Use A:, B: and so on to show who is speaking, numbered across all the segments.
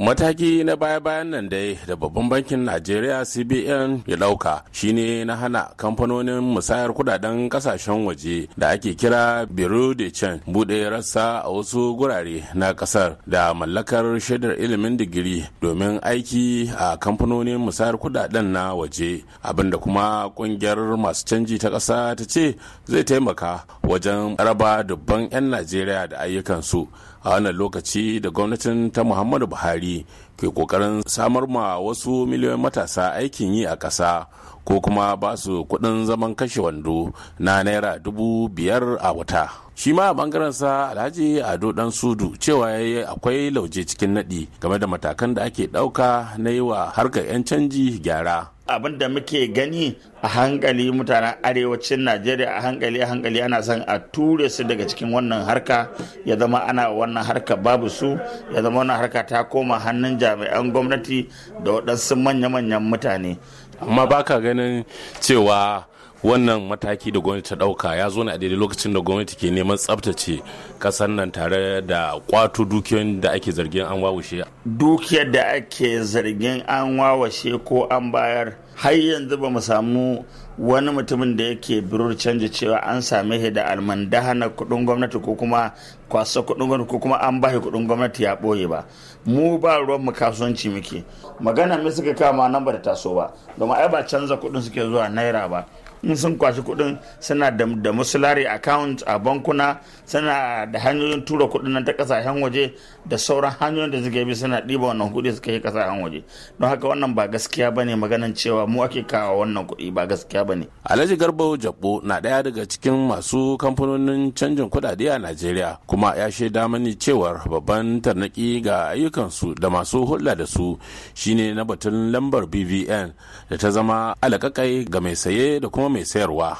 A: mataki na baya-bayan nan dai da babban bankin najeriya cbn ya dauka shine na hana kamfanonin musayar kudaden kasashen waje da ake kira biro de chen bude rassa a wasu gurare na kasar da mallakar shaidar ilimin digiri domin aiki a kamfanonin musayar kudaden na waje abinda kuma kungiyar masu canji ta kasa ta ce zai taimaka wajen raba dubban 'yan najeriya da ayyukansu a wannan lokaci da gwamnatin ta muhammadu buhari ke kokarin samar ma wasu miliyoyin matasa aikin yi a ƙasa ko kuma ba su kuɗin zaman kashe wando na naira dubu biyar a wata shi ma a bangaren sa alhaji ado dan sudu cewa ya yi akwai lauje cikin naɗi
B: game da matakan da ake ɗauka na yi wa harkar 'yan canji gyara abin da muke gani a hankali mutanen arewacin najeriya a hankali a hankali ana son a ture su daga cikin wannan harka ya zama ana wannan harka babu su ya zama wannan harka ta koma hannun jami'an gwamnati da waɗansu manya-manyan mutane amma ba ka
A: ganin cewa wannan mataki da gwamnati ta dauka ya zo ne a daidai lokacin da gwamnati ke neman tsabtace kasar nan tare da kwato dukiyoyin da ake zargin an wawashe
B: dukiyar da ake zargin an wawashe ko an bayar har yanzu ba mu samu wani mutumin da yake birur canja cewa an same shi da na kudin gwamnati ko kuma kwasa kudin gwamnati ko kuma an bashi kudin gwamnati ya boye ba mu ba ruwan mu kasuwanci muke magana mai suka kama nan ba ta taso ba domin ai ba canza kudin suke zuwa naira ba in sun kwashi kudin suna da musulari account a bankuna suna da hanyoyin tura kudin nan ta kasashen waje da sauran hanyoyin da suke bi suna diba wannan kudi suka yi kasashen waje don haka wannan ba gaskiya ba ne maganan cewa mu ake kawo wannan kuɗi ba gaskiya ba ne.
A: Alhaji Garba Jabbo na ɗaya daga cikin masu kamfanonin canjin kuɗaɗe a Najeriya kuma ya shaida mani cewar babban tarnaki ga ayyukansu da masu hulɗa da su shine na batun lambar BVN da ta zama alaƙaƙai ga mai saye da kuma mai sayarwa.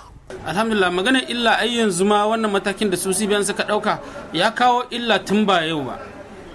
C: alhamdulillah magana illa ai zuma wannan matakin da su cbn suka ɗauka ya kawo illa tun ba yau ba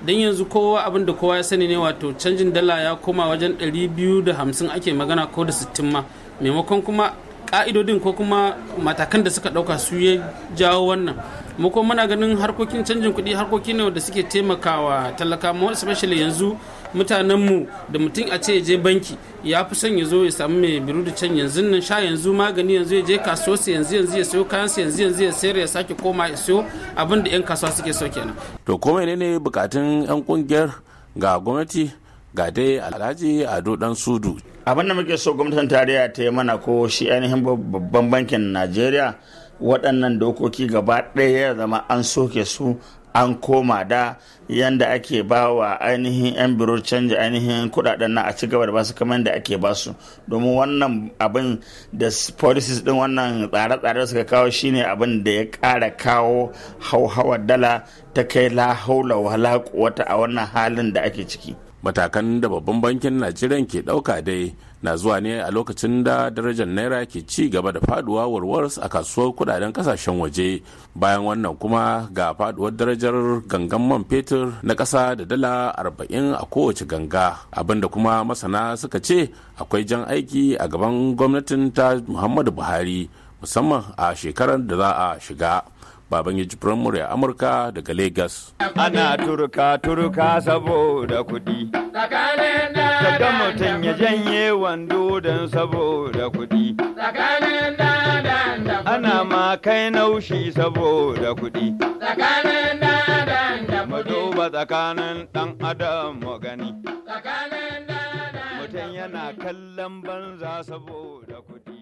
C: don yanzu kowa abin da kowa ya sani ne wato canjin dala ya koma wajen 250 ake magana ko da 60 ma maimakon kuma ka'idodin ko kuma matakan da suka ɗauka su ya jawo wannan mu kuma muna ganin harkokin canjin kuɗi harkoki ne da suke taimakawa talaka mu especially yanzu mutanenmu da mutum a ce ya je banki ya fi son ya zo ya samu mai biru da can yanzu nan sha yanzu magani yanzu ya je kasuwa yanzu yanzu ya sayo kayan yanzu yanzu ya sayar ya sake koma ya sayo abin da 'yan kasuwa suke so kenan
A: to ko ne bukatun 'yan kungiyar ga
B: gwamnati ga dai alhaji ado dan sudu abinda muke so gwamnatin tarayya ta yi mana ko shi ainihin babban bankin najeriya waɗannan dokoki gaba ɗaya ya zama an soke su an koma da yanda ake ba wa ainihin 'yan biro canji ainihin kudaden na a ci gaba da basu kamar da ake ba su domin wannan abin da policies din wannan tsare-tsare suka kawo shine abin da ya kara kawo hauhawar dala ta kai la haula a wannan halin da ake ciki
A: matakan da babban bankin najeriya ke ɗauka dai na zuwa ne a lokacin da darajar naira ke ci gaba da faduwa warwars a kasuwar kudaden kasashen waje bayan wannan kuma ga faduwar darajar gangan man fetur na kasa da dala 40 a kowace ganga abinda kuma masana suka ce akwai jan aiki a gaban gwamnatin ta muhammadu buhari musamman a shekarar da za a shiga baban
D: yaji a amurka daga lagos ana turka turka saboda kudi daga mutum ya janye wando don saboda kudi ana ma kai naushi saboda kudi duba tsakanin ɗan adam mu gani mutum yana kallon banza saboda kudi